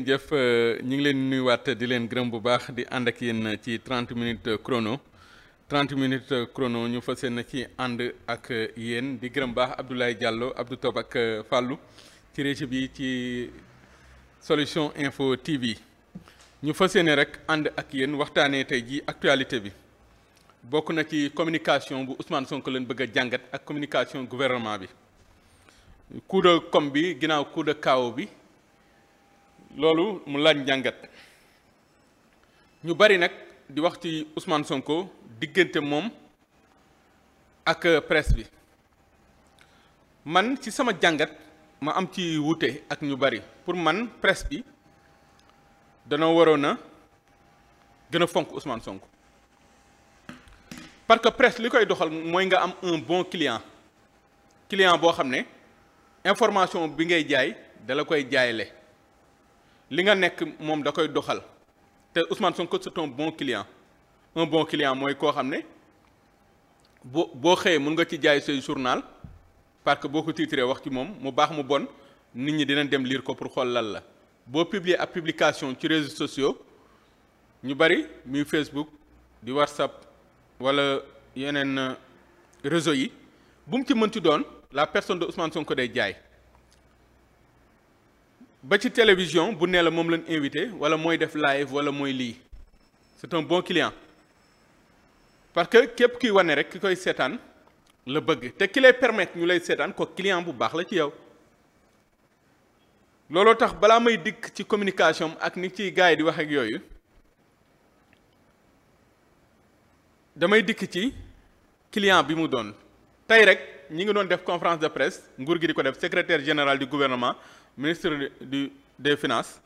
ngeen jëf euh, ñu ngi leen nuyuwaat di leen gërëm bu baax di ànd ak yéen ci 30 minutes chrono trent minutes chrono ñu fas yéene ci ànd ak yéen di gërëm baax Abdoulaye Diallo Abdou Top ak euh, Fallou ci régie bi ci solution info TV ñu fas yéene rek ànd ak yéen waxtaanee tey ji actualité bi bokk na ci communication bu Ousmane Sonko leen bëgg a jàngat ak communication gouvernement bi coup de bi ginnaaw coup cao bi. loolu mu laaj jàngat ñu bari nag di wax ci Ousmane Sonko diggante moom ak presse bi man ci sama jàngat ma am ci wuute ak ñu bari pour man presse bi danoo waroon a gën a fonk Ousmane Sonko parce que presse li koy doxal mooy nga am un bon client client boo xam ne information bi ngay jaay dala koy jaayale li nga nekk moom da koy doxal te Ousmane ko c'est un bon client un bon client mooy koo xam ne boo boo xëyee mun nga ci jaay say journal parce que boo ko tiitree wax ci moom mu baax mu bon nit ñi dinañ dem liir ko pour xool lan la boo publier ab publication ci réseaux sociaux ñu bari muy Facebook di WhatsApp wala yeneen euh, réseau yi bu mu ci mënti doon la personne de Ousmane ko day jaay. ba ci télévision bu nee la moom lañ invité wala mooy def live wala mooy lii c'est un bon client parce que képp kuy wane rek ki koy seetaan la bëgg te ki lay permettre ñu lay seetaan ko client bu baax la ci yow looloo tax balaa may dikk ci communication ak ni ci gars yi di waxeek yooyu damay dikk ci client bi mu doon tey rek ñi ngi doon def conférence de presse nguur gi di ko def secretaire général du gouvernement ministre du des finance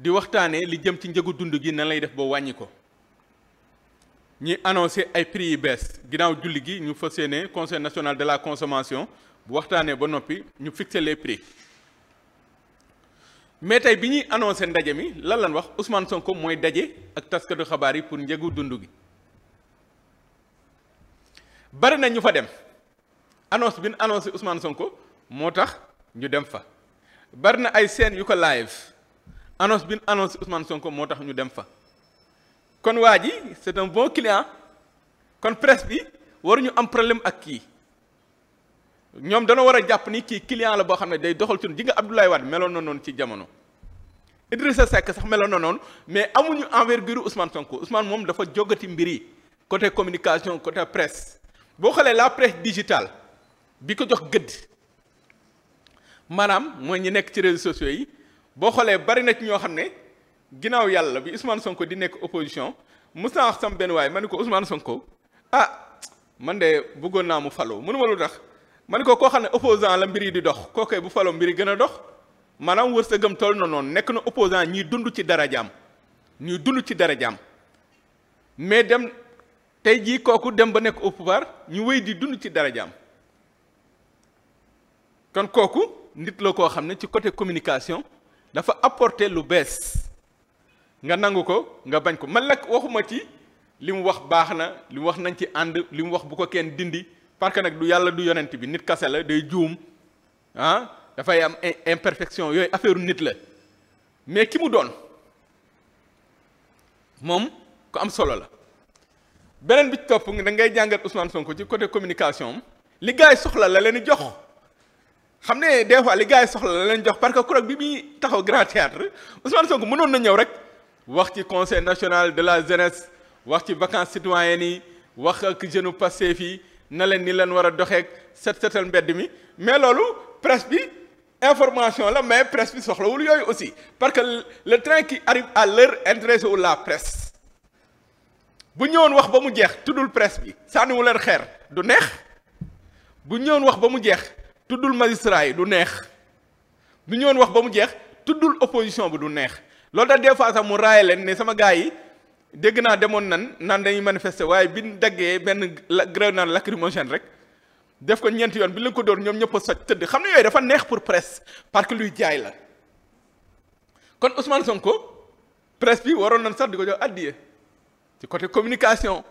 di waxtaanee li jëm ci njëgu dund gi nan lay def ba wàññi ko ñi annoncé ay prix yi bees ginnaaw julli gi ñu fa yéene conseil national de la consommation bu waxtaanee ba noppi ñu fixé les prix mais tey bi ñuy annoncé ndaje mi lan lan wax Ousmane Sonko mooy daje ak taskatu xabaar yi pour njëgu dund gi bari na ñu fa dem annonce bi ñu annoncé Ousmane Sonko moo tax ñu dem fa. bari na ay scènes yu ko live annonce bi annonce Ousmane Sonko moo tax ñu dem fa kon waa ji c'est un bon client kon press bi waruñu am problème ak kii ñoom dana war a jàpp ni kii client la boo xam ne day doxal suñu ji nga Abdoulaye Wade meloon na noonu ci jamono Idrissa Seck sax meloon na noonu mais amuñu envergure Ousmane Sonko Ousmane moom dafa jógati mbir yi côté communication côté presse boo xoolee la presse digitale bi ko jox gëdd. maanaam mooy ñu nekk ci réseaux sociaux yi boo xoolee bari na ci ñoo xam ne ginnaaw yàlla bi Ousmane Sonko di nekk opposition mos naa sam benn waay ma ne ko Ousmane Sonko ah man de bëggoon naa mu faloo mënuma lu tax ma ne ko koo xam ne opposant la mbir yi di dox koo koy bu faloo mbir yi gën a dox maanaam wërsëgam tool na noonu nekk na opposant ñiy dund ci dara jaam ñuy dund ci dara jaam mais dem tey jii kooku dem ba nekk au pouvoir ñu wéy di dund ci dara jaam kon kooku. nit la koo xam ne ci côté communication dafa apporté lu bees nga nangu ko nga bañ ko man nag waxuma ci li mu wax baax na li mu wax nañ ci ànd li mu wax bu ko kenn dindi parce nag du yàlla du yonent bi nit kase la day juum ah dafay am imperfection yooyu affaire nit la mais ki mu doon moom ku am solo la beneen bi ci topp da ngay jàngat Ousmane Sonko ci côté communication li gars yi soxla la leen jox. xam ne des fois li gars yi soxla la leen jox parce que kuréel bi muy taxaw grand théâtre Ousmane Sonko mënoon na ñëw rek wax ci conseil national de la jeunesse wax ci vacances citoyennes yi wax ak jeune passé fii na leen ni leen war a doxeek set setal mbedd mi mais loolu presse bi information la mais presse bi soxlawul yooyu aussi parce que le train qui arrive à l'heure intéresse wu la presse bu ñëwoon wax ba mu jeex tuddul presse bi sànniwu leen xeer du neex bu ñëwoon wax ba mu jeex tuddul magistrat yi du neex bu ñëwoon wax ba mu jeex tuddul opposition bi du neex loolu tax des fois sax mu raaye leen ne sama gars yi dégg naa demoon nan nan dañuy manifester waaye bi daggee benn naan grenade lacrymogène rek def ko ñeenti yoon bi lañ ko dóor ñoom ñëpp a soj tëdd xam ne yooyu dafa neex pour presse parce que luy jaay la kon Ousmane Sonko presse bi waroon nañ sax di ko jox addiye ci côté communication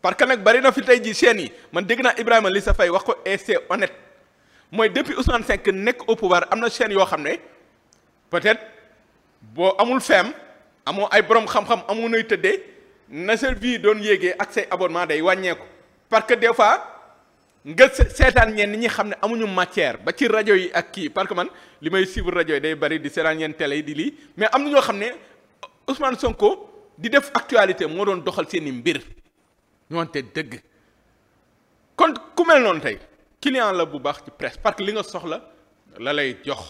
parce que nag bari na fi tey jii chaîne yi man dégg naa Ibrahima li sa fay wax ko et mooy depuis Ousmane Seck nekk au pouvoir am na chaîne yoo xam ne peut-être boo amul feem amoo ay borom xam-xam amoo nay tëddee na sa vie doon yéegee ak say abonnement day wàññeeku. parce que des fois nga seetaan ñenn ñi xam ne amuñu matière ba ci rajo yi ak kii parce que man li may suivre rajo yi day bari di seetaan ñenn télé yi di lii mais am na ñoo xam ne Ousmane Sonko di def actualité moo doon doxal seeni mbir ñoonte dëgg kon ku mel noonu tey. client la bu baax ci presse parce que li nga soxla la lay jox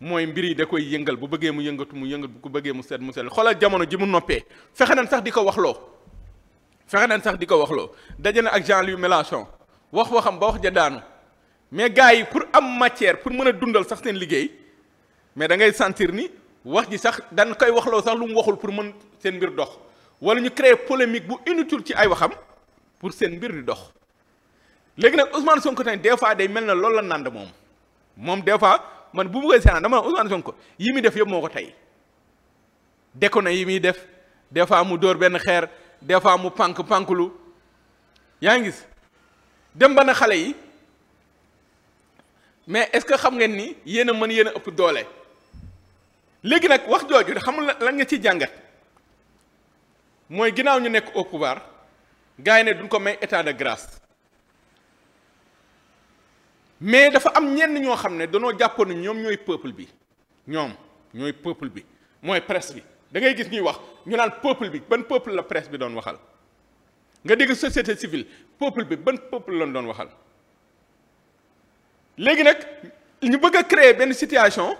mooy mbir yi da koy yëngal bu bëggee mu yëngatu mu yëngatu bu ko bëggee mu seet mu seet xoolal jamono ji mu noppee fexe nañ sax di ko waxloo fexe nañ sax di ko waxloo daje ne ak Jean-Louis Mélenchon wax waxam ba wax ja daanu mais gars yi pour am matière pour mën a dundal sax seen liggéey mais dangay sentir ni wax ji sax dañ koy waxloo sax lu mu waxul pour mën seen mbir dox wala ñu créer polémique bu inutile ci ay waxam pour seen mbir di dox léegi nag Ousmane Sonko tamit des fois day mel na loolu la nand moom moom des fois man bu bëggee seetaan dama ne Ousmane Sonko yi muy def yëpp moo ko tey deko na yi muy def des fois mu dóor benn xeer des fois mu pànk pànklu yaa ngi gis dem ba na xale yi mais est-ce que xam ngeen ni yéen a mën yéen a ëpp doole léegi nag wax jooju xamul lan nga ci jàngat mooy ginnaaw ñu nekk au pouvoir gars yi ne duñ ko may état de grace mais dafa am ñenn ñoo xam ne danoo jàppoon ne ñoom ñooy peuple bi ñoom ñooy peuple bi mooy presse bi da ngay gis ñuy wax ñu naan peuple bi ban peuple la presse bi doon waxal nga dégg société civile peuple bi ban peuple lañ doon waxal léegi nag ñu bëgg a créer benn situation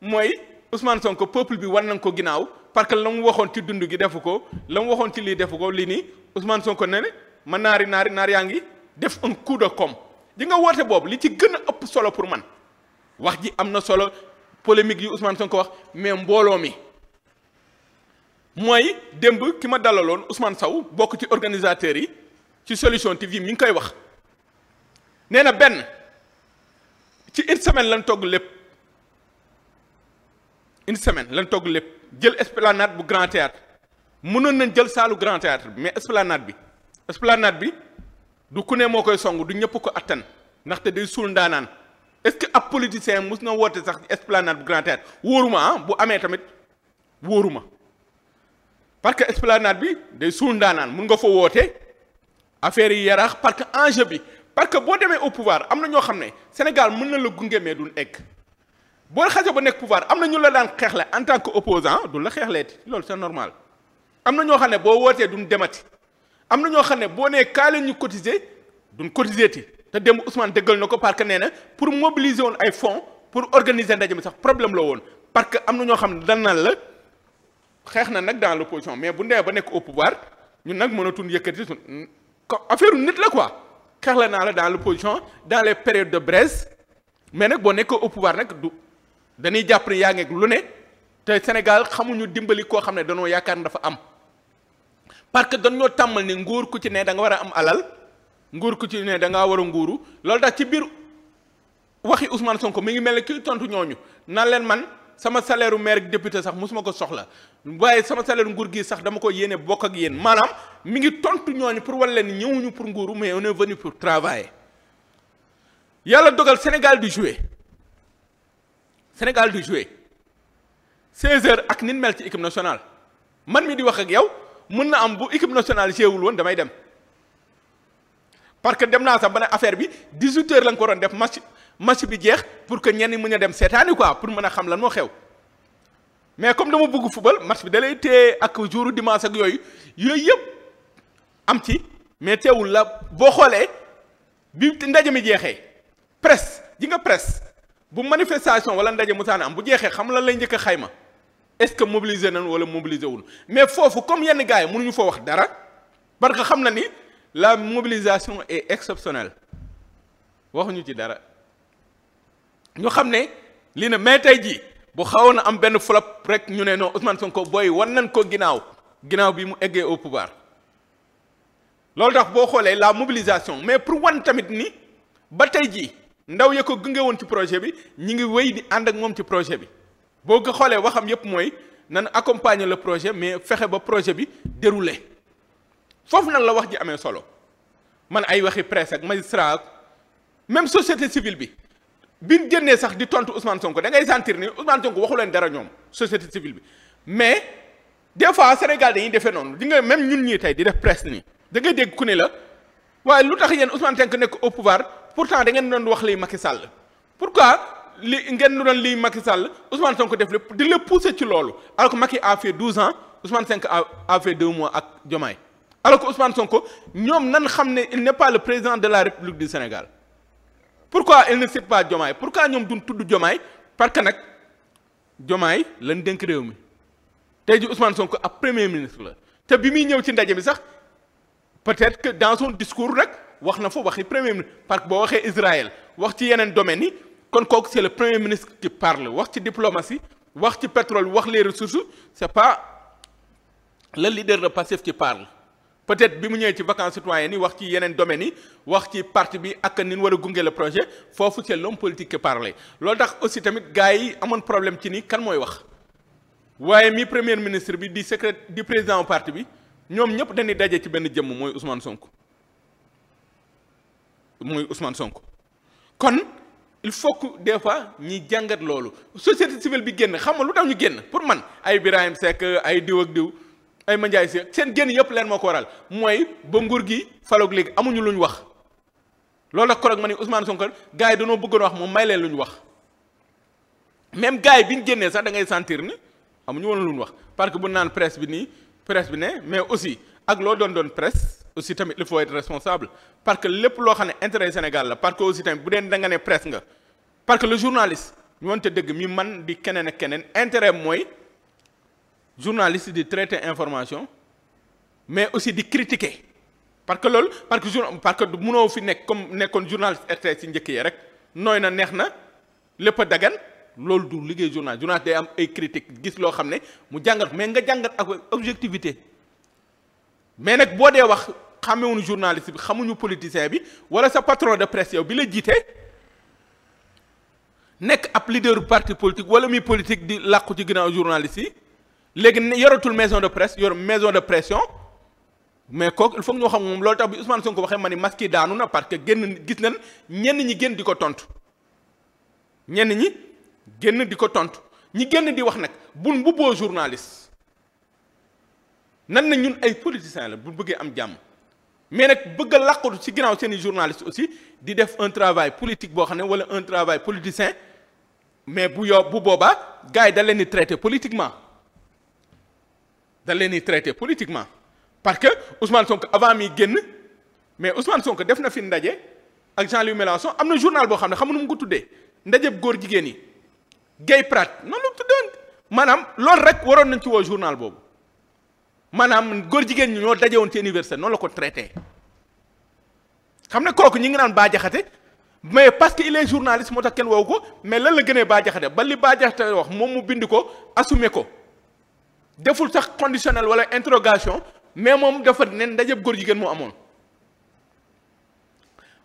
mooy Ousmane Sonko peuple bi war nañ ko ginnaaw parce que la mu waxoon ci dund gi defu ko la mu waxoon ci lii def ko lii nii Ousmane Sonko ne ne ma naari naari naar yaa ngi def un coup de com' di nga woote boobu li ci gën a ëpp solo pour man wax ji am na solo polémique yi nga ko wax mais mbooloo mi mooy démb ki ma dalaloon usman saw bokk ci organisateurs yi ci solution TV mi ngi koy wax nee na benn ci une semaine lañ togg lépp une semaine lañ togg lépp jël esplanade bu grand théâtre mënoon nañ jël saalu grand théâtre bi mais esplanade bi esplanade bi du ku ne moo koy song du ñëpp ko attan ndaxte day suul ndaanaan est-ce que ab politicien mus na woote sax esplanade bu Grand Théâtre wóoruma ah bu amee tamit wóoruma parce que esplanade bi day suul ndaanaan mun nga fa woote affaire yi yaraax parce que enjeu bi parce que boo demee au pouvoir am na ñoo xam ne Sénégal mun na la gunge mais duñ egg boo xasee ba nekk pouvoir am na ñu la daan xeexle en tant que du la xeexleeti loolu sa normal am na ñoo xam ne boo wootee duñ demati. am na ñoo xam ne boo nee kaa ñu cotiser duñ cotiser ti te démb Ousmane dëggal na ko parce que nee na pour mobiliser woon ay fonds pour organiser ndaje mi sax problème la woon parce que am na ñoo xam ne dan naan la xeex na nag dans l'opposition mais bu ndee ba nekk au pouvoir ñun nag mënatu yëkkati suñ affaire nit la quoi xeex la naa la dans l'opposition dans les périodes de braise mais nag boo nekkee au pouvoir nag du dañuy jàpp ne yaa ngeeg lu ne te Sénégal xamuñu dimbali koo xam ne danoo yaakaar dafa am parce que dañoo tàmmal ni nguur ku ci ne da war a am alal nguur ku ci ne danga war a nguuru loolu tax ci biir waxi Ousmane ko mi ngi mel ne kii tontu ñooñu nan leen man sama salaire u maire ak député sax mosuma ko soxla waaye sama salaire nguur gi sax dama ko yéene bokk ak yéen maanaam mi ngi tontu ñooñu pour wala leen ñëwuñu pour nguuru mais on est venu pour travailler yàlla dogal Sénégal du jouer Sénégal du jouer 16 ak nin mel ci équipe nationale man mi di wax ak yow. mën na am bu équipe nationale séewul woon damay dem parce que dem naa sax ba ne affaire bi 18 heures la nga ko doon def match match bi jeex pour que ñenn mën a dem seetaani quoi pour mën a xam lan moo xew mais comme dama bëgg football match bi dalay téye ak jouru dimanche ak yooyu yooyu yëpp am ci mais teewul la boo xoolee bi ndaje mi jeexee presse ji nga presse bu manifestation wala ndaje musaana am bu jeexee xam lan lay njëkk xayma. est-ce que mobiliser nañ wala mobiliser wul mais foofu comme yenn gars yi mënuñu fa wax dara parce que xam na ni la mobilisation et exceptionnelle waxuñu ci dara ñu xam ne lii ne mais tey jii bu xawoon a am benn flop rek ñu ne non Ousmane Sonko booy wan nañ ko ginnaaw ginnaaw bi mu eggee au pouvoir loolu tax boo xoolee la mobilisation mais pour wan tamit ni ba tey ji ndaw yee ko gunge woon ci projet bi ñu ngi wéy di ànd ak moom ci projet bi. boo ko xoolee waxam yépp mooy nan accompagner la projet mais fexe ba projet bi déroulé foofu nan la wax ji amee solo man ay waxi presse ak magistrat ak même société civile bi jën génnee sax di tontu Ousmane Sonko da ngay sentir ni Ousmane waxu leen dara ñoom société civile bi mais des fois Sénégal dañuy defee noonu di nga même ñun ñii tey di def presse nii dangay ngay dégg ku ne la waaye lu tax yéen Ousmane Sonko nekk au pouvoir pourtant da ngeen doon wax lay Macky Sall li ngeen lu doon lii Macky sàll Ousmane Sonko def lépp di la pousser ci loolu alors que Macky a fait douze ans Ousmane Sonko a a deux mois ak Diomaye alors que Ousmane Sonko ñoom nan xam ne il n'est président de la République du Sénégal pourquoi il ne cite pas Diomaye pourquoi ñoom duñ tudd Diomaye parce que nag Diomaye lan dénk réew mi tey ji Ousmane Sonko ab premier ministre la te bi muy ñëw ci ndaje mi sax peut-être que dans son discours rek wax na fa waxi premier ministre boo waxee Israël wax ci yeneen domaines yi. kon kooku c'est le premier ministre qui parle wax ci diplomatie wax ci pétrole wax les ressources c'est pas le leader de ci qui parle peut-être bi mu ñëwee ci vacances citoyennes yi wax ci yeneen domaines yi wax ci parti bi ak ni ñu war a gunge le projet foofu c'est l'homme politique qui parle loolu tax aussi tamit gars yi amoon problème ci ni kan mooy wax waaye mii premier ministre bi di secret di président parti bi ñoom ñëpp dañuy dajee ci benn jëmm mooy Ousmane Sonko mooy Ousmane Sonko il faut que des fois ñi jàngat loolu société civile bi génn xam nga lu tax ñu génn pour man ay Birahim Seck ay diw ak diw ay Mandiaye Seck seen génn yëpp leen moo ko waral mooy ba nguur gi faloog léegi amuñu lu ñu wax loolu la korog ma ni Ousmane Sonko gars yi dañoo bëggoon wax moom may leen lu ñu wax même gars yi bi ñu génnee sax da ngay sentir ni amuñu woon lu ñu wax parce que bu naan presse bi nii presse bi ne mais aussi ak loo doon doon presse aussi tamit il faut être responsable que lépp loo xam ne intérêt Sénégal la parce que aussi tamit bu dee da nga ne parce que le journaliste ñu wante dëgg mi man di keneen ak keneen intérêt mooy journaliste di traiter information mais aussi di critiquer parce que loolu parce que jour parce que du munoo fi nekk comme nekkoon journaliste RTS ci njëkk yi rek nooy na neex na lépp a dagan loolu du liggéey journal journal day am ay critique gis loo xam ne mu jàngat mais nga jàngat ak objectivité mais nag boo dee wax xamewuñu journaliste bi xamuñu politicien bi wala sa patron de presse bi la jiite nekk ab leader parti politique wala muy politique di làqu ci ginnaaw journaliste yi léegi yoratul maison de presse yor maison de pression mais kooku il faut ñoo xam moom loolu tax bi Ousmane ko waxee ma ni masque yi daanu na parce que génn gis nañ ñenn ñi génn di ko tontu ñenn ñi génn di ko tontu ñi génn di wax nag bul mbubboo journaliste nan na ñun ay politiciens la bu bëggee am jàmm mais nag bëgga a ci ginnaaw seeni journaliste aussi di def un politique boo xam ne wala un travail mais bu yo bu boobaa gars yi da leen di traité politiquement da leen di traité politiquement parce que Ousmane Sonko avant mi génn mais Ousmane sonk def na fi ndaje ak Jean-Louis Mélenchon am na journal boo xam ne xam nu mu ko tuddee ndajeb góor jigéen yi gay prat noonu lu tuddoon maanaam loolu rek waroon nañ ci woo journal boobu maanaam góor jigéen ñi ñoo dajewoon ci université noonu la ko traité xam ne kooku ñi ngi daan baa jaxate mais parce que il est journaliste moo tax kenn woowu ko mais lan la gënee Bah Diakhaté ba li Bah Diakhaté wax moom mu bind ko assumé ko deful sax conditionnel wala interrogation mais moom dafa nen ndajëb góor jigéen moo amoon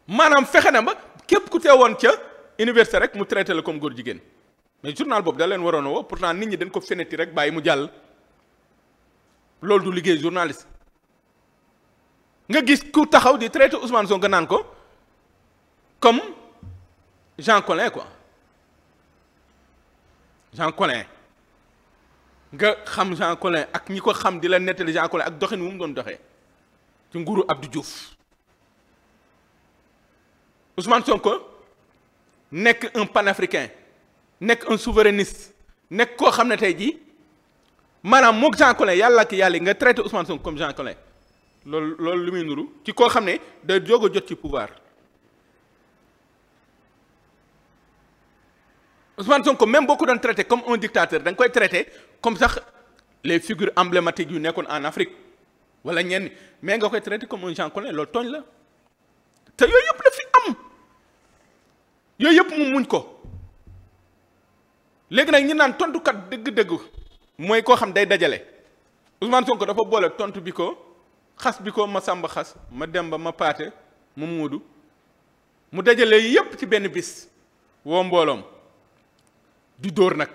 maanaam fexe na ba képp ku woon ca université rek mu traité la comme góor jigéen mais journal boobu da leen waroon a pour pourtant nit ñi dañ ko feneeti rek bàyyi mu jàll loolu du liggéey journaliste nga gis ku taxaw di traité Ousmane Sonko naan ko comme Jean Collin quoi Jean Collin nga xam Jean Collin ak ñi ko xam di la nettali Jean Collin ak doxin wu mu doon doxee ci nguuru Abdou Diouf Ousmane Sonko nekk un panafricain nekk un souverainiste nekk koo xam ne tey jii maanaam moo Jean Collin yàlla ak yàlla nga traité Ousmane Sonko comme Jean Collin loolu loolu lu muy nuru ci koo xam ne day jóg jot ci pouvoir. Ousmane Sonko même boo ko doon traité comme un dictateur da koy traité comme sax les figures emblématiques yu nekkoon en Afrique wala ñenn mais nga koy traité comme un Jean Collin loolu tooñ la te yooyu yëpp la fi am yooyu yëpp mu muñ ko léegi nag ñi naan tontukat dëgg-dëgg mooy koo xam day dajale Ousmane Sonko dafa boole tontu bi ko xas bi ko ma sàmba xas ma demba ma paate ma muudu mu dajale yëpp ci benn bis woo mbooloom. di dóor nag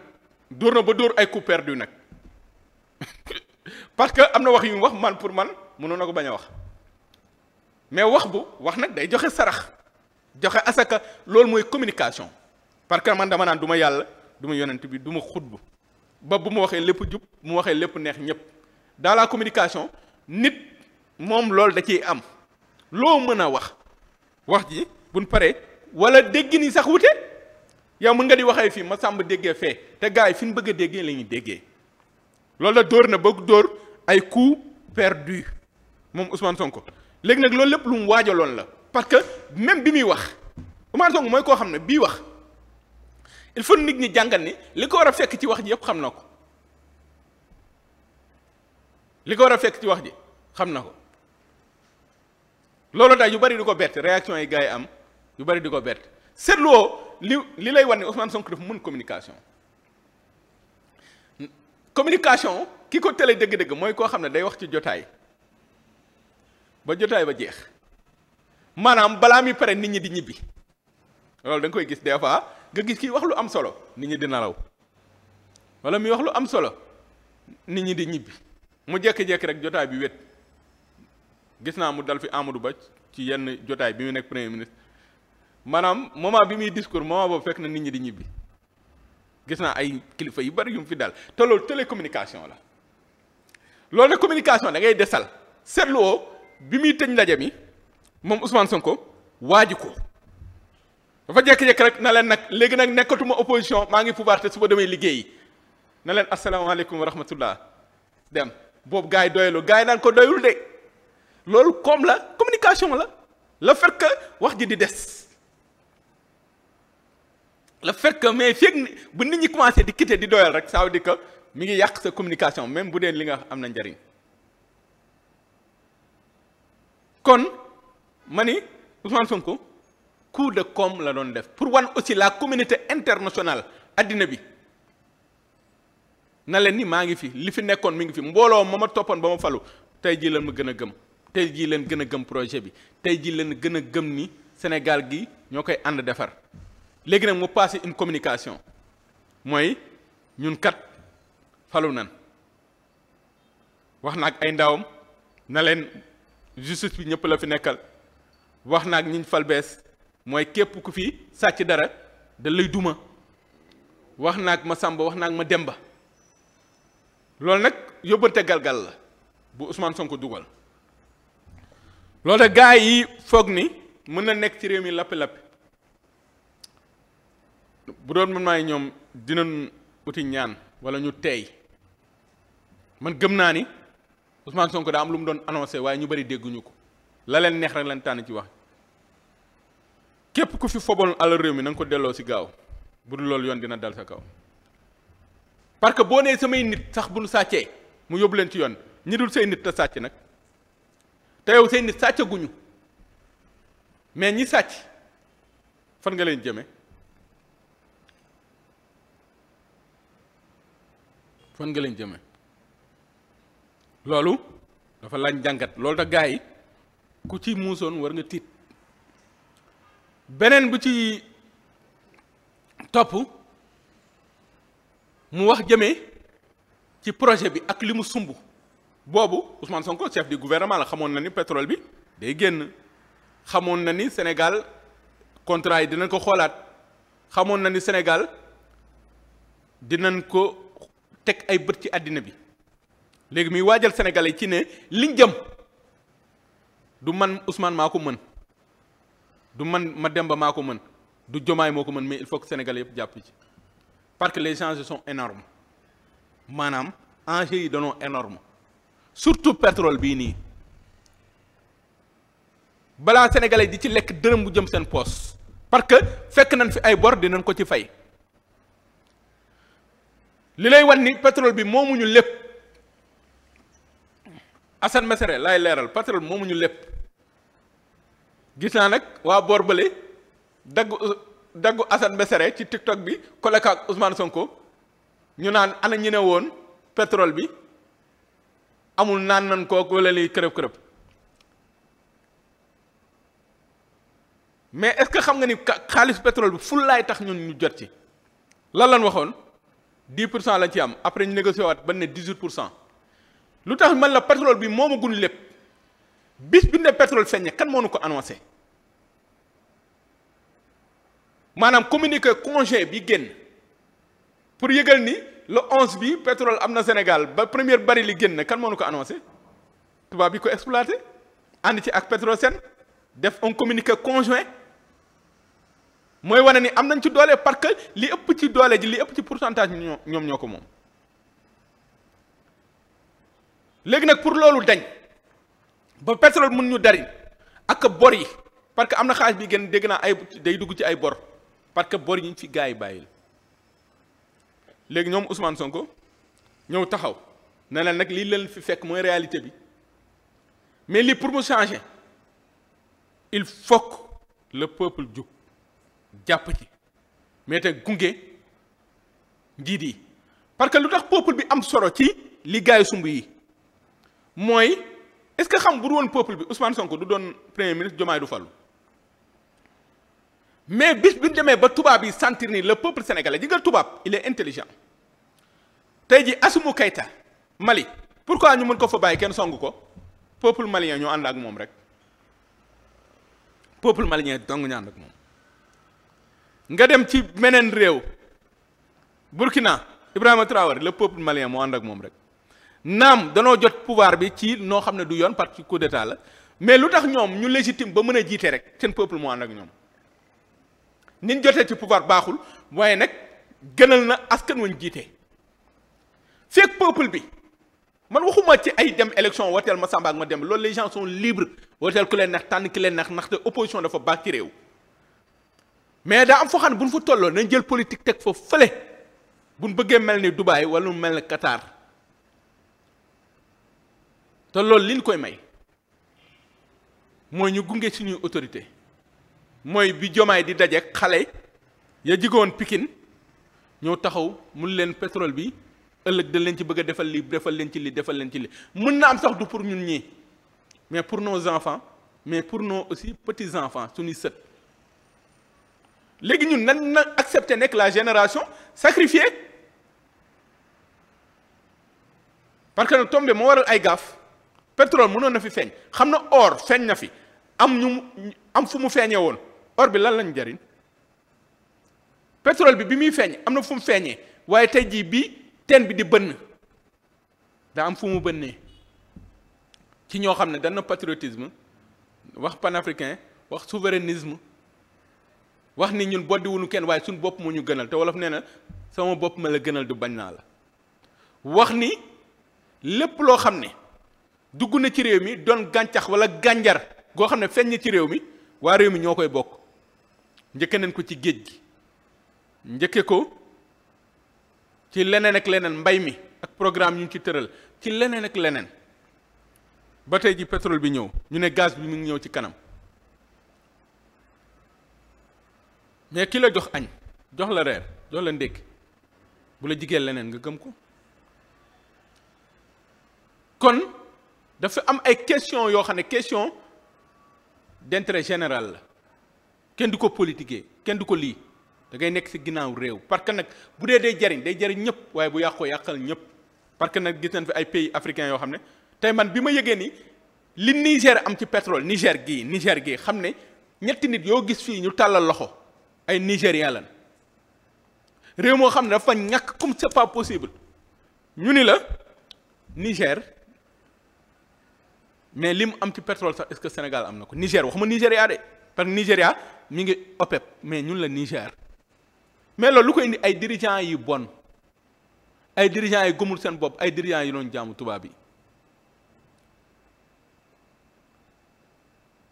dóor na ba dóor ay coup perdu nag parce que am na wax yu mu wax man pour man mënoon na ko bañ a wax mais wax bu wax nag day joxe sarax joxe asaka loolu mooy communication parce que man dama naan du ma yàlla du ma yonent bi du ma xutbu ba bu ma waxee lépp jub mu waxee lépp neex ñëpp dans la communication nit moom loolu da ciy am loo mën a wax wax ji bun pare wala dégg ni sax wute. yow mën nga di waxee fii ma sàmb déggee fee te gars yi fi ñu bëgg a déggee la ñuy déggee loolu la dóor na ba dóor ay coup perdu moom Ousmane Sonko léegi nag loolu lépp lu mu waajaloon la parce que même bi muy wax Ousmane Sonko mooy koo xam ne bii wax il faut nit ñi jàngal ni li ko war a fekk ci wax ji yëpp xam na ko li ko war a fekk ci wax ji xam na ko loolu daal yu bari di ko bett réaction yi gars yi am yu bari di ko bett seetloo. li li lay wan ne Ousmane Sonko dafa mën communication communication ki ko tële dëgg-dëgg mooy koo xam ne day wax ci jotaay ba jotaay ba jeex maanaam balaa mi pare nit ñi di ñibbi loolu da koy gis des fois nga gis kii wax lu am solo nit ñi di nalaw wala mi wax lu am solo nit ñi di ñibbi mu jékki-jékki rek jotaay bi wét gis naa mu dal fi Amadou Ba ci yenn jotaay bi mu nekk premier ministre. maanaam moment bi muy discours moment boobu fekk na nit ñi di ñibbi gis naa ay kilifa yu bari yu mu fi dal te loolu télécommunication la loolu nag communication da ngay desal seetlu woo bi muy tëñ ndaje mi moom Ousmane Sonko waaju ko dafa jékki-jékki rek na leen nag léegi nag nekkatuma opposition maa ngi pouvoir te suba demee liggéeyi na leen asalaamaaleykum wa rahmatullah dem boobu gars yi doylu gars yi naan ko doyul de loolu comme la communication la le fait que wax ji di des. le fekk que mais fekk bu nit ñi commencé di quitter di doyal rek ça veut mi ngi yàq sa communication même bu dee li nga am na njariñ kon ma ni Ousmane Sonko coup de com la doon def pour wan aussi la communauté internationale addina bi na leen ni maa ngi fi li fi nekkoon mi ngi fi mbooloo ma ma toppoon ba ma falu tey jii leen ma gën a gëm tey jii leen gën a gëm projet bi tey jii leen gën a gëm ni Sénégal gi ñoo koy ànd defar léegi nag mu passé une communication mooy ñun kat falu nan wax na ak ay ndawam na leen justice bi ñëpp la fi nekkal wax na ak ñiñ fal bees mooy képp ku fi sàcc dara da lay duma wax na ak ma Samba wax na ak ma Demba loolu nag yóbbante galgal la bu Ousmane Sonko dugal loolu da gaa yi foog ni mën na nekk ci réew mi lappi-lappi bu doon man maay ñoom dina uti ñaan wala ñu teey man gëm naa ni Ousmane Sonko daa am lu mu doon annoncé waaye ñu bëri dégguñu ko la leen neex rek lañ tànn ci wax képp ku fi foboon alal réew mi na ko delloo si gaaw bu dul loolu yoon dina dal sa kaw parce que boo nee samay nit sax bu nu sàccee mu yóbbu leen ci yoon ñi dul say nit te sàcc nag te yow say nit sàccaguñu mais ñi sàcc fan nga leen jëme fan nga leen jëme loolu dafa lañ jàngat loolu tax gars yi ku ci muusoon war nga tiit beneen bu ci topp mu wax jëme ci projet bi ak li mu sumb boobu Ousmane Sonko chef du gouvernement la xamoon na ni pétrole bi day génn xamoon na ni Sénégal contrat yi dinañ ko xoolaat xamoon na ni Sénégal dinañ ko teg ay bët ci àddina bi léegi muy waajal yi ci ne liñ jëm du man Ousmane maa ko mën du man demba maa ko mën du Jomaay moo ko mën mais il faut que sénégalais yëpp jàpp ci parce que les changes son énormes maanaam enjeux yi danoo énorme surtout pétrole bii nii balaa sénégalais di ci lekk dërëm bu jëm seen poos parce que fekk nañ fi ay bor dinañ ko ci fay li lay wan ni pétrole bi moomuñu lépp Assane messere lay leeral pétrole moomuñu lépp gis naa nag waa boor bële daggu euh, daggu Assane ci ci TikTok bi collègue ak Ousmane ko ñu naan ana ñu ne woon pétrole bi amul naan nan ko wala liy kërëb kërëb mais est-ce que xam nga ni xaalis pétrole bi ful laay tax ñun ñu jot ci lan lan waxoon. 10 pour cent lañ ci am après ñu négocié waat ba ne 18 pour cent lu tax man la pétrole bi moo ma gun lépp bis bi ne pétrole saññe kan moonu ko annoncé maanaam communiqué congé bi génn pour yëgal ni le 11 bi pétrole am na Sénégal ba première bari li génn kan moonu ko annoncé tubaab bi ko exploité ànd ci ak Petrosen def un communiqué conjoint mooy wane ni am nañ ci doole parce que li ëpp ci doole ji li ëpp ci pourcentage ñoo ñoom ñoo ko moom léegi nag pour loolu dañ ba pétrole mun ñu dari ak bor yi parce que am na xaalis bi gën dégg naa ay day dugg ci ay bor parce que bor yi ñu fi gars yi bàyyil léegi ñoom Ousmane Sonko ñëw taxaw ne leen nag lii leen fi fekk mooy réalité bi mais lii pour mu changer il faut que le peuple jug jàpp ci mais te gunge njiit yi parce que lu tax peuple bi am solo ci li gaay sumb yi mooy est-ce que xam bu woon peuple bi Ousmane Sonko du doon premier ministre Diomaye du fallu mais bis bi ñu demee ba tubaab yi sentir ni le peuple sénégalais ji nga tubaab il intelligent tey ji Assimi Goïta Mali pourquoi ñu mën ko fa bàyyi kenn song ko peuple malien ñoo ànd ak moom rek peuple malien dong ñu ànd ak moom nga dem ci meneen réew Burkina Ibrahima Traoré le peuple malien moo ànd ak moom rek naam danoo jot pouvoir bi ci noo xam ne du yoon parce que coup d'état la mais lu tax ñoom ñu légitime ba mën a jiite rek seen peuple moo ànd ak ñoom niñ jotee ci pouvoir baaxul waaye nag gënal na askan wañ jiite fekk peuple bi man waxuma ci ay dem élection wooteel ma Samba ak ma dem loolu les gens sont libres wooteel leen neex tànn ki leen neex ndaxte opposition dafa baax ci réew mais daa am foo xam ne bu ñu fa tolloo nañ jël politique teg fa fële bu ñu bëggee mel ni Dubaï wala mu mel ni Qatar te loolu li ñu koy may mooy ñu gunge suñuy autorité mooy bi jomaay di daje xale ya jigoon Pikine ñoo taxaw mun leen pétrole bi ëllëg da leen ci bëgg defal li defal leen ci li defal leen ci li mën na am sax du pour ñun ñii mais pour nos enfants mais pour nos aussi petits enfants suñuy sët léegi ñun nan na accepter nekk la génération sacrifiée parce que tombé moo waral ay gaaf pétrole mënoon na fi feeñ xam na or feeñ na fi am ñu am fu mu feeñee woon or bi lan lañ jariñ pétrole bi bi muy feeñ am na fu mu feeñee waaye tey jii bi teen bi di bënn daa am fu mu bënnee ci ñoo xam ne dana patriotisme wax panafricain wax souverainisme wax ni ñun boddiwuñu kenn waaye suñu bopp moo ñu gënal te wolof nee na sama bopp ma la gënal du bañ naa la wax ni lépp loo xam ne dugg na ci réew mi doon gàncax wala gànjar goo xam ne feññ ci réew mi waa réew mi ñoo koy bokk njëkke nañ ko ci géej gi njëkke ko ci leneen ak leneen mbay mi ak programme ñu ci tëral ci leneen ak leneen ba tey ji pétrole bi ñëw ñu ne gaz bi mu ñëw ci kanam mais ki la jox añ jox la reer jox la ndékki bu la jigéen leneen nga gëm ko kon dafa am ay question yoo xam ne question d'intérêt général la kenn du ko politiquer kenn du ko lii da ngay nekk ci ginnaaw réew parce que nag bu dee day jariñ day jariñ ñëpp waaye bu yàqoo yàqal ñëpp parce que nag gis nañ fi ay pays africains yoo xam ne tey man bi ma yëgee ni li Niger am ci pétrole Niger gii Niger gii xam ne ñetti nit yoo gis fii ñu tàllal loxo ay nigérien lan réew moo xam ne dafa ñàkk comme c'est possible ñu ni la Niger mais li mu am ci pétrole sax est-ce que Sénégal am na ko Niger waxuma Nigéria de parce que Nigéria mi ngi OPEP mais ñun la Niger mais loolu lu ko indi ay dirigeants yi bon ay dirigeants yi gëmul seen bopp ay dirigeants yi doon jaamu tubaab yi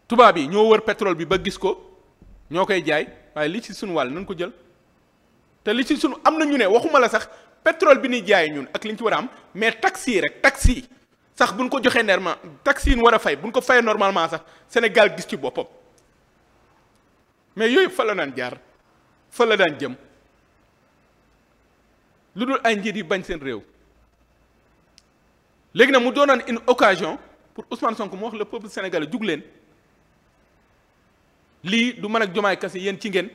tubaab yi ñoo wër pétrole bi ba gis ko ñoo koy jaay waaye li ci suñu wàll nañ ko jël te li ci sunu am na ñu ne waxuma la sax petrole bi nuy jaay ñun ak li ñu ci war a am mais taxes yi rek taxes yi sax buñ ko joxee normalement taxes yi ñu war a fay buñ ko fayee normalement sax Sénégal gis ci boppam mais yooyu fa la daan jaar fa la daan jëm lu dul ay njiit yi bañ seen réew léegi na mu doonoon une occasion pour Ousmane Sonko mu wax le peuple sénégalais jug leen. lii du mën ak jomaay kese yéen ci ngeen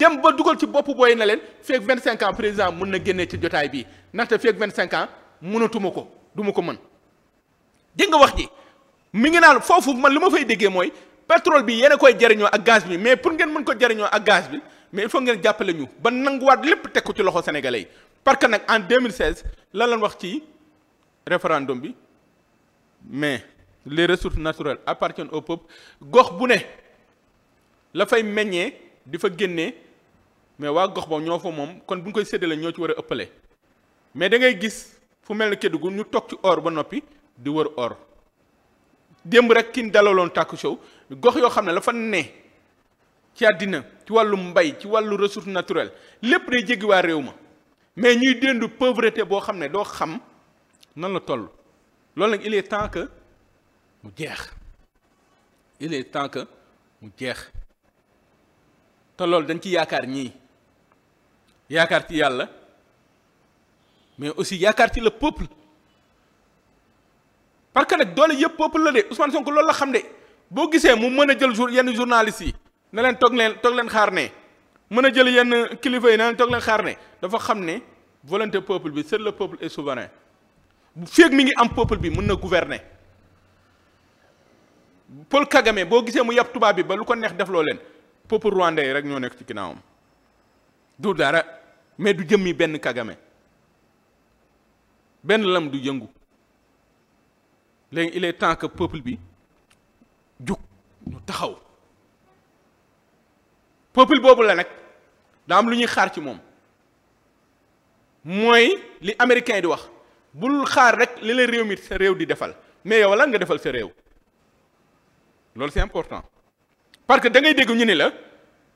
dem ba dugal ci bopp booy na leen feeg 25 ans président mën na génnee ci jotaay bi ndaxte feeg 25 ans mënatuma ko du ma ko mën. dégg nga wax ji mi ngi naan foofu man li ma fay déggee mooy pétrole bi yéen a koy jariñoo ak gaz bi mais pour ngeen mën ko jariñoo ak gaz bi mais il faut ngeen jàppale ñu ba nanguwaat lépp teg ko ci loxo sénégalais yi parce que nag en 2016 lan lañ wax ci référendum bi mais les ressources naturelles appartiennent au peuple gox bu ne. la fay meññee di fa génnee mais waa gox ba ñoo fa moom kon bu ñu koy séddale ñoo ci war a ëppale mais da ngay gis fu mel ne Kédougou ñu toog ci or ba noppi di wër or démb rek ki ñu dalaloon tàkku sow gox yoo xam ne la fa ne ci àddina ci wàllu mbay ci wàllu ressource naturelle lépp day jéggi waa réew ma mais ñuy déndu pauvreté boo xam ne doo xam nan la toll loolu nag il est temps que mu jeex il est que mu jeex te loolu dañ ci yaakaar ñii yaakaar ci yàlla mais aussi yaakaar ci le peuple parce que nag doole yëpp peuple la de Ousmane Sonko loolu la xam de boo gisee mu mën a jël yenn journalistes yi ne leen toog leen toog leen xaar ne mën a jël yenn kilifa yi na leen toog leen xaar ne dafa xam ne volonté peuple bi seul le peuple est souverain bu feeg mi ngi am peuple bi mën na gouverner Paul Kagame boo gisee mu yàpp tubaab bi ba lu ko neex def loo leen. peuple rwandais yi rek ñoo nekk ci ginnaawam du dara mais du jëmmi benn Kagame benn lam du jëngu léegi il est temps que peuple bi jug ñu taxaw peuple boobu la nag daa am lu ñuy xaar ci moom mooy li américain di wax bul xaar rek li la réew mi sa réew di defal mais yow lan nga defal sa réew loolu c'est important parce que da dégg ñu ni la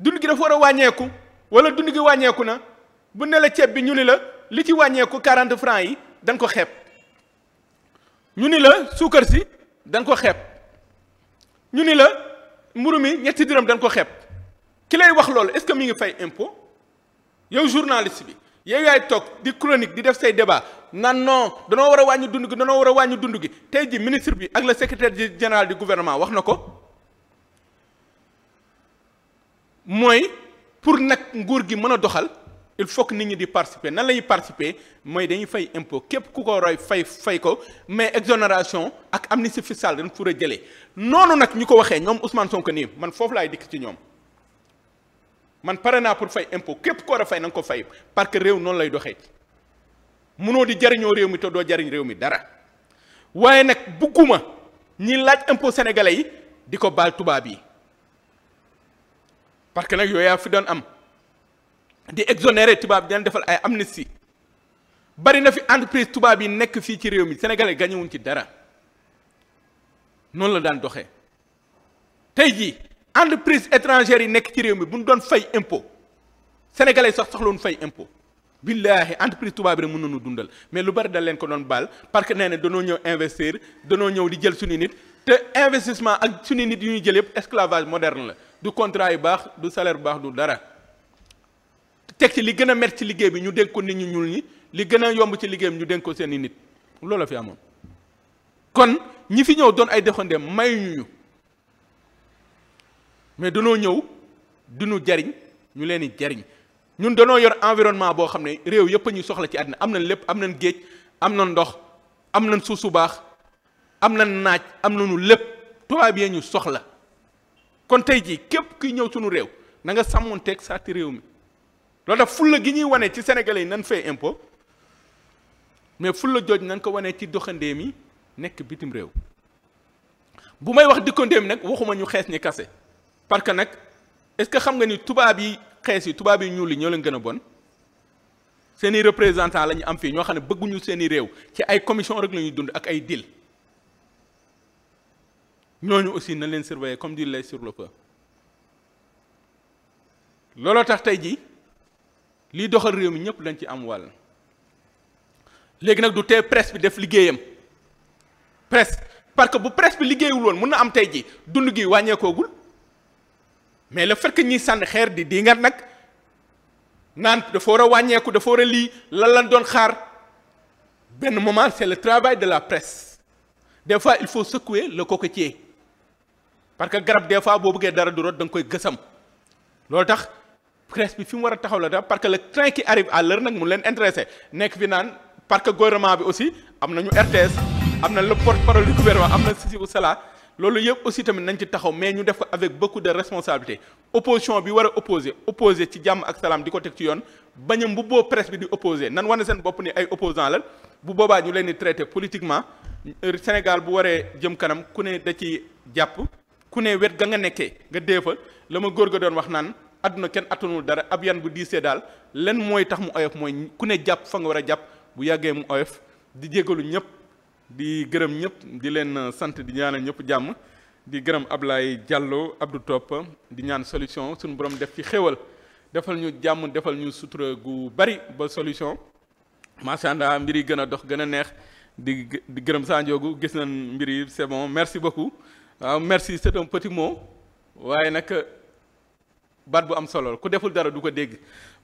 dund gi dafa war a wàññeeku wala dund gi wàññeeku na bu ne la ceeb bi ñu ni la li ci wàññeeku 40 francs yi da nga ko xeeb ñu ni la suukar si da ko xeeb ñu ni la mburu mi ñetti dërëm da nga ko xeeb ki lay wax loolu est-ce que mi ngi fay impôt yow journaliste bi yow yaay toog di chronique di def say débat nan non danoo war a wàññi dund gi danoo war a wàññi dund gi tey ji ministre bi ak la secrétaire général du gouvernement wax na ko mooy pour nag nguur gi mën a doxal il faut que nit ñi di participer nan la ñuy participer mooy dañuy fay impôt képp ku ko roy fay fay ko mais exonération ak am fiscale dañ fur a jëlee noonu nag ñu ko waxee ñoom Ousmane Sonko nii man foofu laay dikk ci ñoom man pare naa pour fay impôt képp ko war fay na nga fay parce que réew noonu lay doxee mënoo di jariñoo réew mi te doo jariñ réew mi dara waaye nag bugguma ñi laaj impo sénégalais yi di ko baal tubaab yi parce que nag yooyaa fi doon am di exonérer tubaab di defal ay amnistie bari na fi entreprise tubaab yi nekk fii ci réew mi sénégalais gañewuñ ci dara noonu la daan doxee tey jii entreprise étrangère yi nekk ci réew mi bu ñu doon fay impôt sénégalais sax soxloon fay impôt billaahi entreprise tubaab bi mun na nañu dundal mais lu bari dal leen ko doon baal parce que nee na danoo ñëw investir danoo ñëw di jël suñu nit te investissement ak suñu nit yu ñuy jël yëpp esclavage moderne la du contrat yu baax du salaire bu baax du dara teg ci li gën a métti ci liggéey bi ñu dénk ko nit ñu ñuul ñi li gën a yomb ci liggéey bi ñu dénk ko seen nit loola fi amoon kon ñi fi ñëw doon ay doxandeem may ñu mais danoo ñëw du ñu jariñ ñu leen di jariñ ñun danoo yor environnement boo xam ne réew yëpp ñu soxla ci àddina am na lépp am nañ géej am na ndox am na suuf su baax. am na naaj am na ñu lépp tubaab yee ñu soxla kon tey jii képp kuy ñëw sunu réew na nga sàmmoon teg saati réew mi loolu daf fulla gi ñuy wane ci sénégalais yi nan fay impo mais fulla jooj nan ko wane ci doxandéem yi nekk bitim réew bu may wax dikkandéem nag waxuma ñu xees ñi kase parce que nag est-ce que xam nga ni tubaab yi xees yi tubaab yi ñuul yi ñoo leen gën a bon seeni représentant la ñu am fii ñoo xam ne bëgguñu seeni réew ci ay commission rek la ñuy dund ak ay deal ñooñu aussi na leen surveiller comme di lait sur le feu looloo tax tey jii liy doxal réew mi ñëpp dañ ci am wàll léegi nag du tee presse bi def liggéeyam presque parce que bu presse bi liggéeyul woon mun na am tey jii dund gi wàññeekoogul mais la fekk que sànni xeer di di nga nag naan dafa war a wàññeeku dafa war a lii lan lan doon xaar benn moment c'est le travail de la presse des fois il faut secouer le cocotier parce que garab des fois boo bëggee dara du rot da nga koy gësam loolu tax presse bi fi mu war a taxaw la parce que le train qui arrive à l'heure nag mu leen intéressé nekk fi naan parce que gouvernement bi aussi am nañu RTS am na la porte-parole du gouvernement am na ceci ou cela loolu yëpp aussi tamit nañ ci taxaw mais ñu def ko avec beaucoup de responsabilité opposition bi war a opposé opposé ci jàmm ak salaam di ko teg ci yoon bañ a mbubboo presse bi di opposé nan wane seen bopp ni ay opposant bu boobaa ñu leen di traité politiquement Sénégal bu waree jëm kanam ku ne da ci jàpp ku ne wet ga nga nekkee nga dee fa la ma góor ga doon wax naan àdduna kenn attanul dara ab yan bu diisee daal len mooy tax mu oyof mooy ku ne jàpp fa nga war a jàpp bu yàggee mu oyof di jégalu ñëpp di gërëm ñëpp di leen euh, sant di ñaana ñëpp jàmm di gërëm Ablaye Diallo Abdou Topp di ñaan solution suñu borom def ci xewal defal ñu jàmm defal ñu sutura gu bari ba solution macha allah mbir yi gën a dox gën a neex di di gërëm Sa Ndiogou gis na mbir yi c'est merci beaucoup. waaw ah, merci c'est un petit mot waaye nag baat bu am solo ku deful dara du ko dégg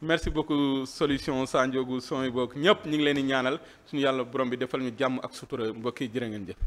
merci beaucoup solution Sandiogou son yi boog ñëpp ñu ngi leen di ñaanal suñu yàlla borom bi defal ñu jàmm ak sutura mbokk yi jërë ngeen jëf.